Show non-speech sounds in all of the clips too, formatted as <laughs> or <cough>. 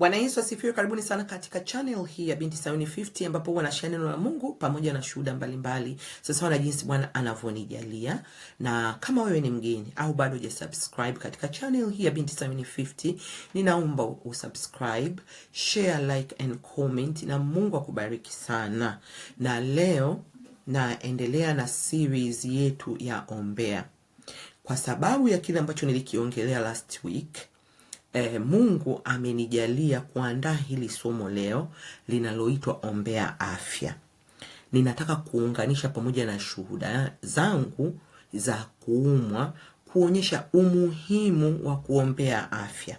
Bwana Yesu asifiwe. Karibuni sana katika channel hii ya Binti Sayuni 50 ambapo wana neno la Mungu pamoja na shuhuda mbalimbali, sawasawa na jinsi Bwana anavyonijalia. Na kama wewe ni mgeni au bado hujasubscribe katika channel hii ya Binti Sayuni 50, ninaomba usubscribe, share, like and comment, na Mungu akubariki sana. Na leo naendelea na series yetu ya ombea, kwa sababu ya kile ambacho nilikiongelea last week E, Mungu amenijalia kuandaa hili somo leo linaloitwa Ombea Afya. Ninataka kuunganisha pamoja na shuhuda zangu za kuumwa kuonyesha umuhimu wa kuombea afya.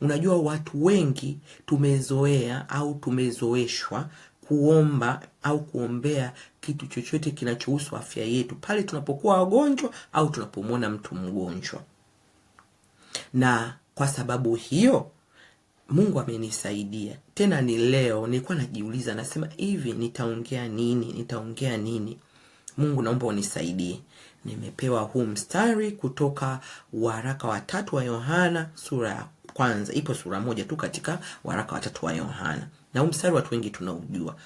Unajua, watu wengi tumezoea au tumezoeshwa kuomba au kuombea kitu chochote kinachohusu afya yetu pale tunapokuwa wagonjwa au tunapomwona mtu mgonjwa na kwa sababu hiyo Mungu amenisaidia tena. Ni leo nilikuwa najiuliza, nasema hivi, nitaongea nini? Nitaongea nini? Mungu naomba unisaidie. Nimepewa huu mstari kutoka waraka wa tatu wa Yohana sura ya kwanza. Ipo sura moja tu katika waraka wa tatu wa Yohana, na huu mstari watu wengi tunaujua.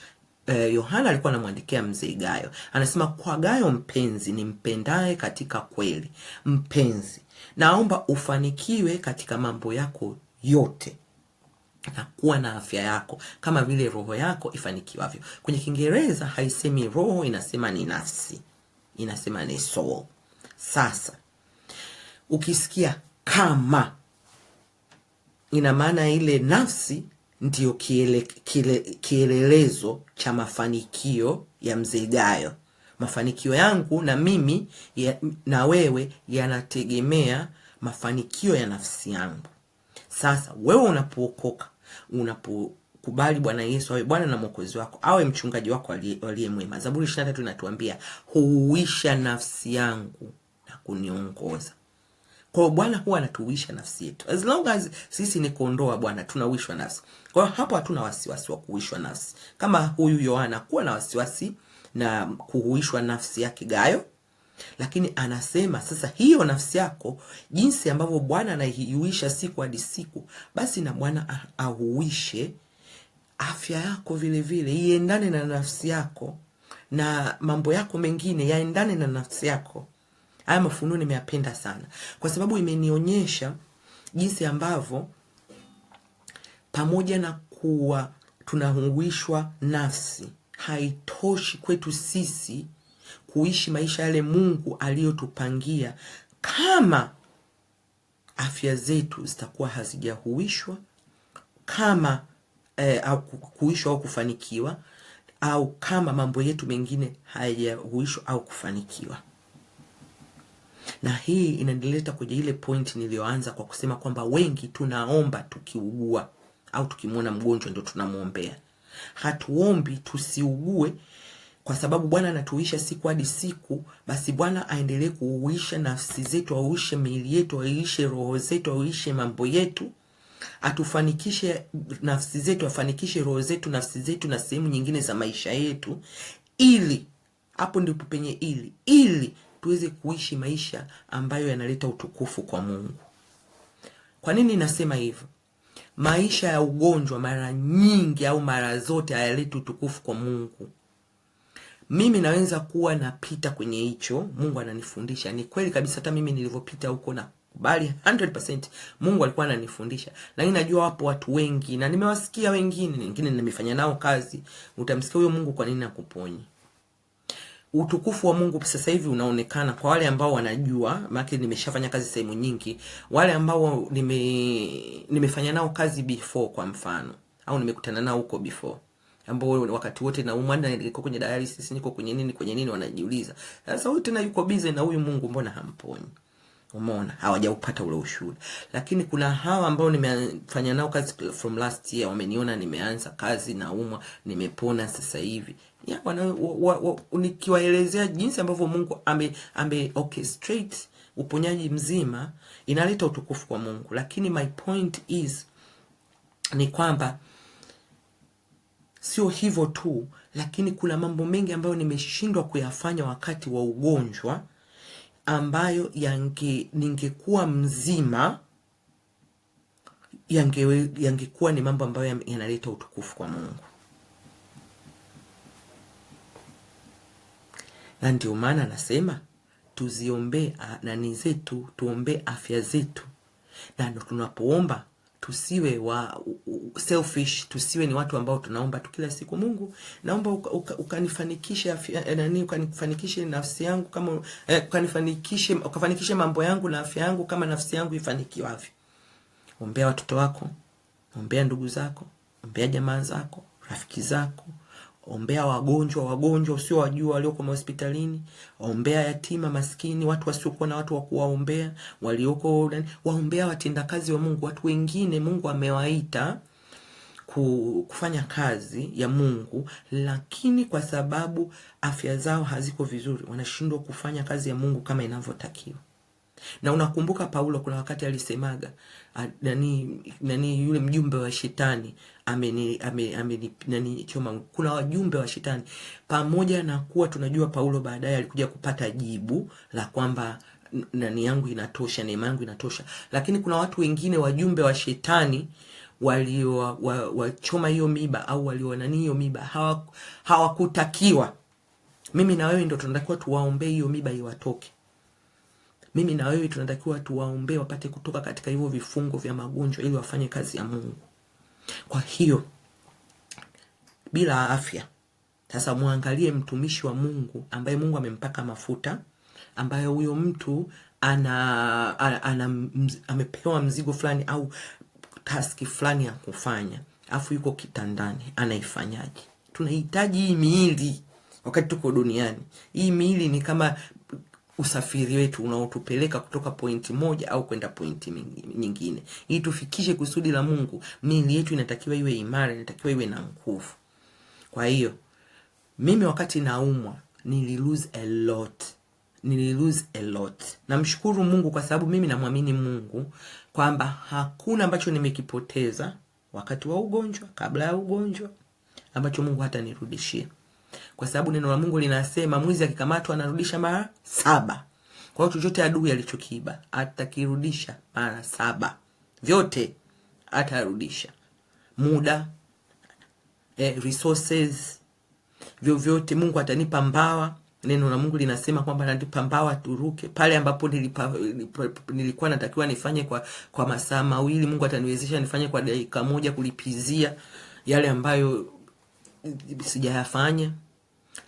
Eh, Yohana eh, alikuwa anamwandikia mzee Gayo, anasema kwa Gayo mpenzi, nimpendaye katika kweli. Mpenzi Naomba ufanikiwe katika mambo yako yote na kuwa na afya yako kama vile roho yako ifanikiwavyo. Kwenye Kiingereza haisemi roho, inasema ni nafsi, inasema ni soul. Sasa ukisikia kama, ina maana ile nafsi ndiyo kiele, kiele, kielelezo cha mafanikio ya mzee Gayo mafanikio yangu na mimi ya, na wewe yanategemea mafanikio ya nafsi yangu. Sasa wewe unapookoka, unapokubali Bwana Yesu awe Bwana na Mwokozi wako, awe mchungaji wako aliye mwema, Zaburi 23 inatuambia huuisha nafsi yangu na kuniongoza. Kwa Bwana huwa anatuuisha nafsi yetu, as long as sisi ni kuondoa Bwana tunauishwa nafsi. Kwa hapo hatuna wasiwasi wa kuishwa nafsi, kama huyu Yohana kuwa na wasiwasi na kuhuishwa nafsi yake Gayo, lakini anasema sasa, hiyo nafsi yako jinsi ambavyo Bwana anaihuisha siku hadi siku, basi na Bwana ahuishe afya yako vilevile, iendane na nafsi yako na mambo yako mengine yaendane na nafsi yako. Haya mafunuo nimeyapenda sana, kwa sababu imenionyesha jinsi ambavyo pamoja na kuwa tunahuishwa nafsi haitoshi kwetu sisi kuishi maisha yale Mungu aliyotupangia kama afya zetu zitakuwa hazijahuishwa kama eh, kuishwa au kufanikiwa au kama mambo yetu mengine hayajahuishwa au kufanikiwa. Na hii inanileta kwenye ile point niliyoanza kwa kusema kwamba wengi tunaomba tukiugua au tukimwona mgonjwa ndio tunamwombea. Hatuombi tusiugue kwa sababu Bwana anatuisha siku hadi siku. Basi Bwana aendelee kuuisha nafsi zetu, auishe miili yetu, auishe roho zetu, auishe mambo yetu, atufanikishe nafsi zetu, afanikishe roho zetu, nafsi zetu na sehemu nyingine za maisha yetu, ili hapo ndipo penye ili ili tuweze kuishi maisha ambayo yanaleta utukufu kwa Mungu. Kwa nini nasema hivyo? Maisha ya ugonjwa mara nyingi au mara zote hayaleti utukufu kwa Mungu. Mimi naweza kuwa napita kwenye hicho, Mungu ananifundisha. Ni kweli kabisa, hata mimi nilivyopita huko na bali 100% Mungu alikuwa ananifundisha, lakini najua wapo watu wengi na nimewasikia wengine, wengine nimefanya nao kazi. Utamsikia huyo Mungu kwa nini akuponye? utukufu wa Mungu sasa hivi unaonekana kwa wale ambao wanajua, maana nimeshafanya kazi sehemu nyingi, wale ambao nime nimefanya nao kazi before, kwa mfano au nimekutana nao huko before, ambao wakati wote na niko kwenye dialysis, niko kwenye nini, kwenye nini, wanajiuliza sasa, huyu tena yuko busy na huyu Mungu mbona hamponi Umeona, hawajaupata ule ushuhuda, lakini kuna hawa ambao nimefanya nao kazi from last year, wameniona nimeanza kazi, naumwa, nimepona sasa hivi nikiwaelezea jinsi ambavyo Mungu ame, ame orchestrate uponyaji mzima, inaleta utukufu kwa Mungu. Lakini my point is ni kwamba sio hivyo tu, lakini kuna mambo mengi ambayo nimeshindwa kuyafanya wakati wa ugonjwa ambayo yange, ningekuwa mzima yange, yangekuwa ni mambo ambayo yanaleta utukufu kwa Mungu. Na ndio maana anasema tuziombee nani zetu, tuombee afya zetu, na tunapoomba tusiwe wa selfish, tusiwe ni watu ambao tunaomba tu kila siku, Mungu naomba ukanifanikishe uka, uka eh, nani ukanifanikishe nafsi yangu kama eh, ukanifanikishe ukafanikishe mambo yangu na afya yangu kama nafsi yangu ifanikiwavyo. Ombea watoto wako, ombea ndugu zako, ombea jamaa zako, rafiki zako ombea wagonjwa, wagonjwa usiowajua walioko mahospitalini, ombea yatima maskini, watu wasiokuwa na watu wa kuwaombea, walioko waombea watendakazi wa Mungu, watu wengine Mungu amewaita kufanya kazi ya Mungu, lakini kwa sababu afya zao haziko vizuri, wanashindwa kufanya kazi ya Mungu kama inavyotakiwa. Na unakumbuka Paulo kuna wakati alisemaga ah, nani, nani yule mjumbe wa shetani amenichoma ame, ame, Kuna wajumbe wa shetani, pamoja na kuwa tunajua Paulo baadaye alikuja kupata jibu la kwamba nani yangu inatosha, neema yangu inatosha, lakini kuna watu wengine wajumbe wa shetani waliowachoma wa, hiyo miba au walionani hiyo miba hawakutakiwa. Hawa mimi na wewe ndo tunatakiwa tuwaombee hiyo miba iwatoke mimi na wewe tunatakiwa tuwaombee wapate kutoka katika hivyo vifungo vya magonjwa ili wafanye kazi ya Mungu. Kwa hiyo bila afya sasa, mwangalie mtumishi wa Mungu ambaye Mungu amempaka mafuta, ambaye huyo mtu ana, ana, ana mz, amepewa mzigo fulani au taski fulani ya kufanya, afu yuko kitandani, anaifanyaje? Tunahitaji hii miili wakati tuko duniani. Hii miili ni kama usafiri wetu unaotupeleka kutoka pointi moja au kwenda pointi nyingine. Ili tufikishe kusudi la Mungu, mili yetu inatakiwa iwe imara, inatakiwa iwe na nguvu. Kwa hiyo mimi wakati naumwa nililose a lot a lot. Namshukuru Mungu kwa sababu mimi namwamini Mungu kwamba hakuna ambacho nimekipoteza wakati wa ugonjwa, kabla ya ugonjwa, ambacho Mungu nirudishie kwa sababu neno la Mungu linasema mwizi akikamatwa anarudisha mara saba. Kwa hiyo chochote adui alichokiba atakirudisha mara saba, vyote atarudisha, muda eh, resources, vyovyote. Mungu atanipa mbawa. Neno la Mungu linasema kwamba nalipa mbawa turuke pale ambapo nilipa, nilipa, nilikuwa natakiwa nifanye kwa, kwa masaa mawili, Mungu ataniwezesha nifanye kwa dakika moja kulipizia yale ambayo sijayafanya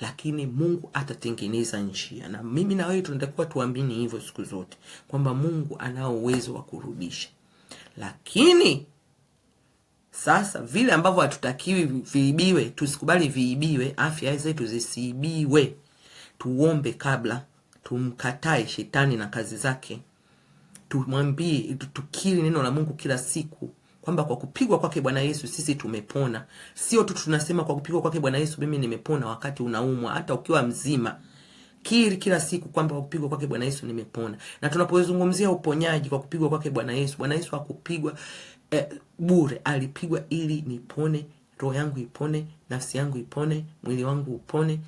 lakini Mungu atatengeneza njia, na mimi na wewe tunatakiwa tuamini hivyo siku zote kwamba Mungu anao uwezo wa kurudisha. Lakini sasa vile ambavyo hatutakiwi viibiwe, tusikubali viibiwe, afya zetu zisiibiwe. Tuombe kabla, tumkatae shetani na kazi zake, tumwambie, tukiri neno la Mungu kila siku kwamba kwa kupigwa kwake Bwana Yesu sisi tumepona. Sio tu tunasema kwa kupigwa kwake Bwana Yesu mimi nimepona, wakati unaumwa, hata ukiwa mzima Kiri kila siku kwamba kupigwa kwake Bwana Yesu nimepona. Na tunapozungumzia uponyaji kwa kupigwa kwake Bwana Yesu, Bwana Yesu akupigwa eh, bure, alipigwa ili nipone, roho yangu ipone, nafsi yangu ipone, mwili wangu upone,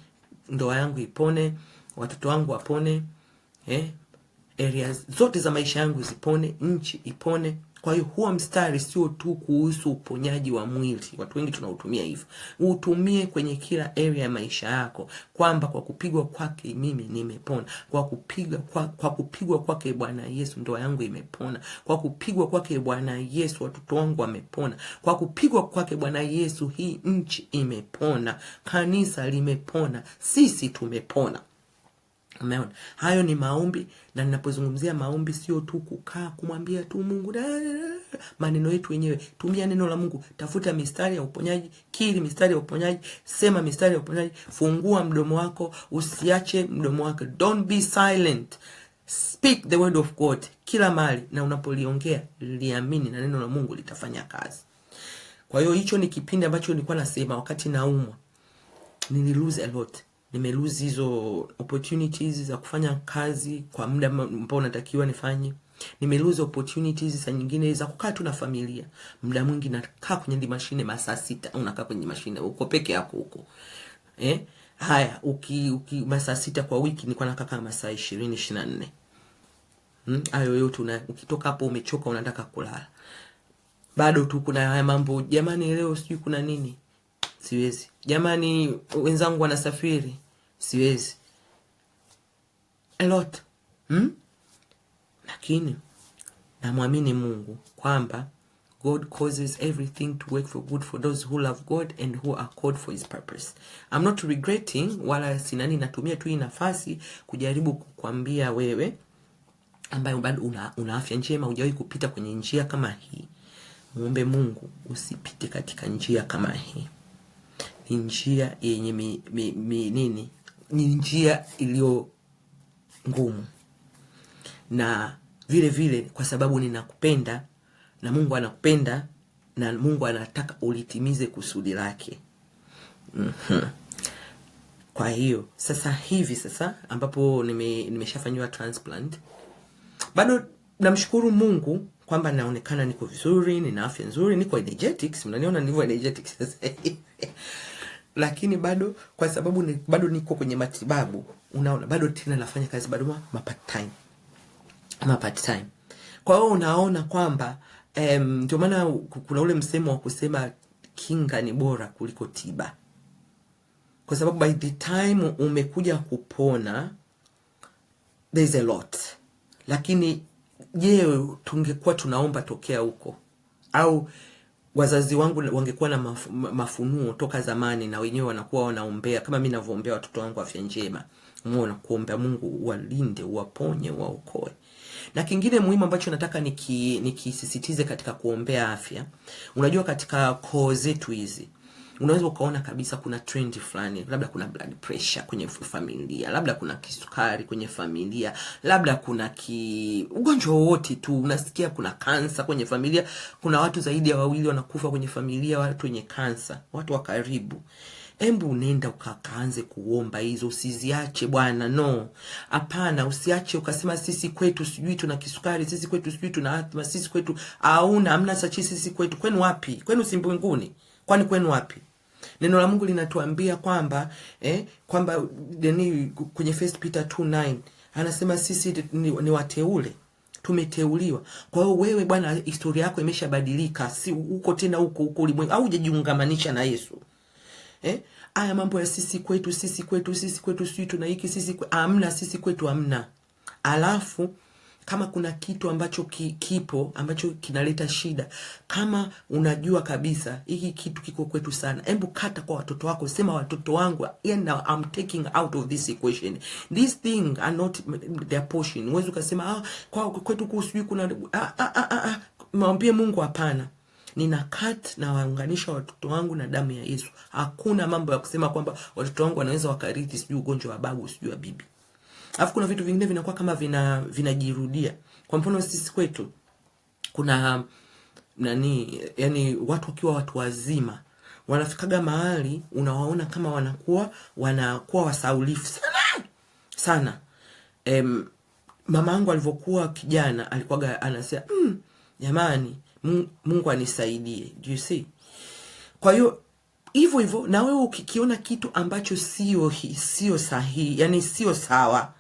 ndoa yangu ipone, watoto wangu wapone, eh, areas zote za maisha yangu zipone, nchi ipone. Kwa hiyo huwa mstari sio tu kuhusu uponyaji wa mwili, watu wengi tunautumia hivyo, utumie kwenye kila area ya maisha yako, kwamba kwa kupigwa kwake mimi nimepona, kwa kupiga kwa, kwa kupigwa kwake Bwana Yesu ndoa yangu imepona, kwa kupigwa kwake Bwana Yesu watoto wangu wamepona, kwa kupigwa kwake Bwana Yesu hii nchi imepona, kanisa limepona, sisi tumepona. Umeona, hayo ni maombi, na ninapozungumzia maombi sio tu kukaa kumwambia tu Mungu da, da, da, maneno yetu wenyewe. Tumia neno la Mungu, tafuta mistari ya uponyaji, kiri mistari ya uponyaji, sema mistari ya uponyaji, fungua mdomo wako, usiache mdomo wako. Don't be silent. Speak the word of God kila mahali, na unapoliongea liamini, na neno la Mungu litafanya kazi. Kwa hiyo hicho ni kipindi ambacho nilikuwa nasema wakati naumwa, nililose a lot nimeluzi hizo opportunities za kufanya kazi kwa muda ambao natakiwa nifanye nimeluzi opportunities za nyingine za kukaa tu na familia. Muda mwingi nakaa kwenye mashine masaa sita, unakaa kwenye mashine uko peke yako huko eh. Haya, uki, uki masaa sita kwa wiki nilikuwa nakaa kama masaa 20 24. Hmm, hayo yote ukitoka hapo umechoka, unataka kulala, bado tu kuna haya mambo jamani, leo sijui kuna nini siwezi. Jamani, wenzangu wanasafiri, siwezi. A lot hmm? Lakini namwamini Mungu kwamba God causes everything to work for good for those who love God and who are called for his purpose. I'm not regretting wala sinani, natumia tu hii nafasi kujaribu kukwambia wewe ambayo bado una, una afya njema, ujawai kupita kwenye njia kama hii. Muombe Mungu usipite katika njia kama hii ni njia yenye mi, mi, mi, nini, ni njia iliyo ngumu, na vile vile kwa sababu ninakupenda na Mungu anakupenda na Mungu anataka ulitimize kusudi lake. mm -hmm. Kwa hiyo sasa hivi sasa ambapo nime, nimeshafanyiwa transplant bado namshukuru Mungu kwamba naonekana niko vizuri, nina afya nzuri, niko energetics. Mnaniona nilivyo energetics <laughs> sasa hivi lakini bado kwa sababu ni, bado niko kwenye matibabu, unaona bado tena nafanya kazi bado ma part time ma part time. Kwa hiyo unaona kwamba ndio maana kuna ule msemo wa kusema kinga ni bora kuliko tiba, kwa sababu by the time umekuja kupona there's a lot. Lakini je, tungekuwa tunaomba tokea huko au wazazi wangu wangekuwa na maf mafunuo toka zamani, na wenyewe wanakuwa wanaombea kama mimi ninavyoombea watoto wangu afya njema. Muone nakuombea Mungu walinde, waponye, waokoe. Na kingine muhimu ambacho nataka nikisisitize niki katika kuombea afya, unajua katika koo zetu hizi unaweza ukaona kabisa kuna trend fulani, labda kuna blood pressure kwenye familia, labda kuna kisukari kwenye familia, labda kuna ki ugonjwa wowote tu, unasikia kuna kansa kwenye familia. Kuna watu zaidi ya wawili wanakufa kwenye familia, watu wenye kansa, watu wa karibu Embu unaenda ukakaanze kuomba hizo, usiziache bwana. No, hapana, usiache ukasema sisi kwetu sijui tuna kisukari, sisi kwetu sijui tuna athma, sisi kwetu hauna amna sachi, sisi kwetu. Kwenu wapi? Kwenu si Kwani kwenu wapi? Neno la Mungu linatuambia kwamba eh, kwamba deni kwenye First Peter 2:9 anasema sisi ni, ni wateule tumeteuliwa. Kwa hiyo wewe bwana, historia yako imeshabadilika, si uko tena huko huko ulimwengu, au hujajiungamanisha na Yesu eh? mambo ya sisi kwetu, sisi kwetu, sisi kwetu, sisi tuna hiki, sisi kwetu, amna, sisi kwetu amna. Alafu kama kuna kitu ambacho ki, kipo ambacho kinaleta shida, kama unajua kabisa hiki kitu kiko kwetu sana, hebu kata kwa watoto wako, sema watoto wangu, yeah, I'm taking out of this equation, this thing are not their portion. Uwezi ukasema ah, kwa kwetu kusijui kuna ah, ah, ah, ah, ah. Mwambie Mungu hapana nina kat na waunganisha watoto wangu na damu ya Yesu. Hakuna mambo ya kusema kwamba watoto wangu wanaweza wakarithi sijui ugonjwa wa babu sijui wa bibi. Alafu kuna vitu vingine vinakuwa kama vina vinajirudia. Kwa mfano sisi kwetu kuna nani, yani watu wakiwa watu wazima wanafikaga mahali unawaona kama wanakuwa wanakuwa wasaulifu sana sana. Em, mama yangu alivyokuwa kijana alikuwaga anasema mm, jamani Mungu anisaidie. Do you see? Kwa hiyo hivyo hivyo na wewe ukikiona kitu ambacho sio sio sahihi, yani sio sawa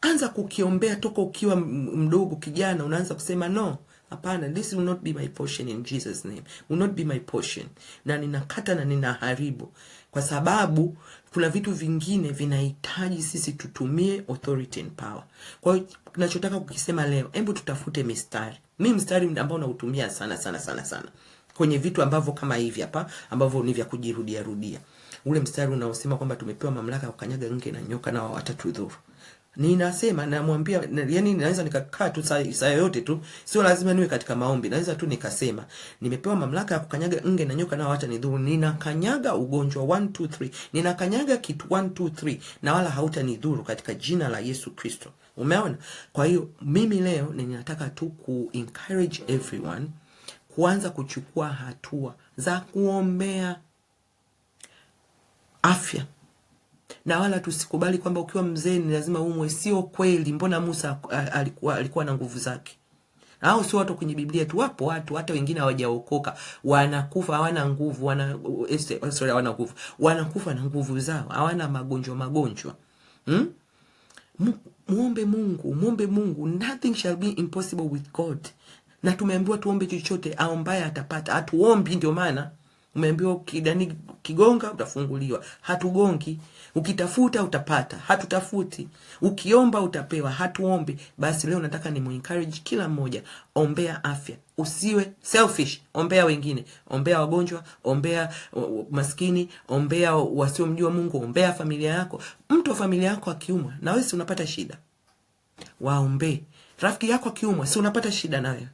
anza kukiombea toka ukiwa mdogo kijana, unaanza kusema no, hapana, this will not be my portion in Jesus name, will not be my portion, na ninakata na ninaharibu, kwa sababu kuna vitu vingine vinahitaji sisi tutumie authority and power. Kwa hiyo tunachotaka kukisema leo, hebu tutafute mistari. Mimi mstari ambao nautumia sana sana sana sana kwenye vitu ambavyo kama hivi hapa ambavyo ni vya kujirudia rudia, ule mstari unaosema kwamba tumepewa mamlaka ya kukanyaga nge na nyoka na watatudhuru ninasema namwambia, yani naweza nikakaa tu saa yoyote tu, sio lazima niwe katika maombi. Naweza tu nikasema nimepewa mamlaka ya kukanyaga nge na nyoka nao hata nidhuru. Ninakanyaga ugonjwa 1 2 3, ninakanyaga kitu 1 2 3, na wala hautanidhuru katika jina la Yesu Kristo. Umeona? Kwa hiyo mimi leo ninataka tu ku encourage everyone kuanza kuchukua hatua za kuombea afya na wala tusikubali kwamba ukiwa mzee ni lazima umwe. Sio kweli. Mbona Musa alikuwa, alikuwa na nguvu zake? Hao sio watu kwenye Biblia tu, wapo watu hata wengine hawajaokoka wanakufa, hawana nguvu, wana eh, eh, sorry, hawana nguvu, wanakufa na nguvu zao, hawana magonjwa magonjwa. Hmm? Muombe Mungu, muombe Mungu, nothing shall be impossible with God. Na tumeambiwa tuombe chochote, aombaye atapata. Atuombi ndio maana Umeambiwa ukidani kigonga utafunguliwa. Hatugongi. Ukitafuta utapata. Hatutafuti. Ukiomba utapewa. Hatuombi. Basi leo nataka ni encourage kila mmoja, ombea afya. Usiwe selfish, ombea wengine, ombea wagonjwa, ombea uh, maskini, ombea wasiomjua Mungu, ombea familia yako. Mtu wa familia yako akiumwa, na wewe si unapata shida, waombee. Rafiki yako akiumwa, si unapata shida nawe,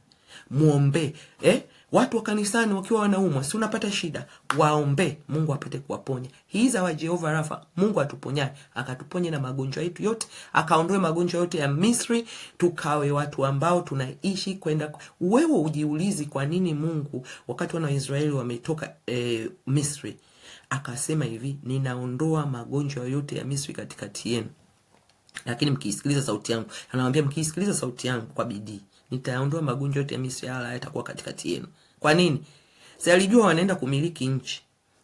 muombee eh? Watu wa kanisani wakiwa wanaumwa, si unapata shida, waombe Mungu apate kuwaponya. He wa jehova rafa Mungu atuponyae akatuponye na magonjwa yetu yote, akaondoe magonjwa yote ya Misri, tukawe watu ambao tunaishi kwenda. Wewe ujiulizi kwa nini Mungu wakati wana Waisraeli wametoka eh, Misri akasema hivi, ninaondoa magonjwa yote ya Misri katikati yenu, lakini mkiisikiliza sauti yangu. Anawaambia mkiisikiliza sauti yangu kwa bidii nitaondoa magonjwa yote ya Misri, yala yatakuwa katikati yenu. Kwa nini? Si alijua wanaenda kumiliki nchi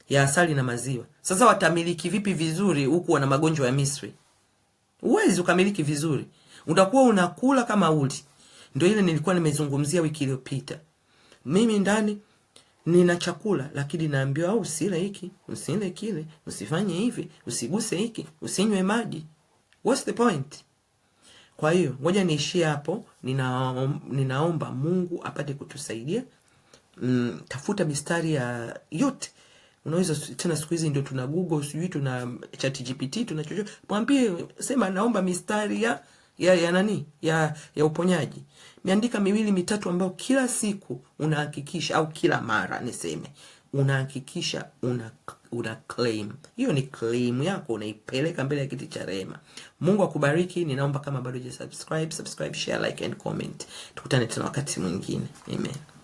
ya asali na maziwa. Sasa watamiliki vipi vizuri huku wana magonjwa ya Misri? Uwezi ukamiliki vizuri. Utakuwa unakula kama uli. Ndio ile nilikuwa nimezungumzia wiki iliyopita. Mimi ndani nina chakula lakini naambiwa au usile hiki, usile kile, usifanye hivi, usiguse hiki, usinywe maji. What's the point? Kwa hiyo ngoja niishie hapo. Ninaomba Mungu apate kutusaidia mm, tafuta mistari ya yote unaweza tena. Siku hizi ndio tuna Google, sijui tuna ChatGPT, tuna chochote. Mwambie, sema naomba mistari ya ya, ya nani ya, ya uponyaji. Miandika miwili mitatu ambayo kila siku unahakikisha au kila mara niseme unahakikisha una, una claim hiyo. Ni claim yako unaipeleka mbele ya kiti cha rehema. Mungu akubariki. Ninaomba kama bado hujasubscribe, subscribe, share, like and comment. Tukutane tena wakati mwingine, amen.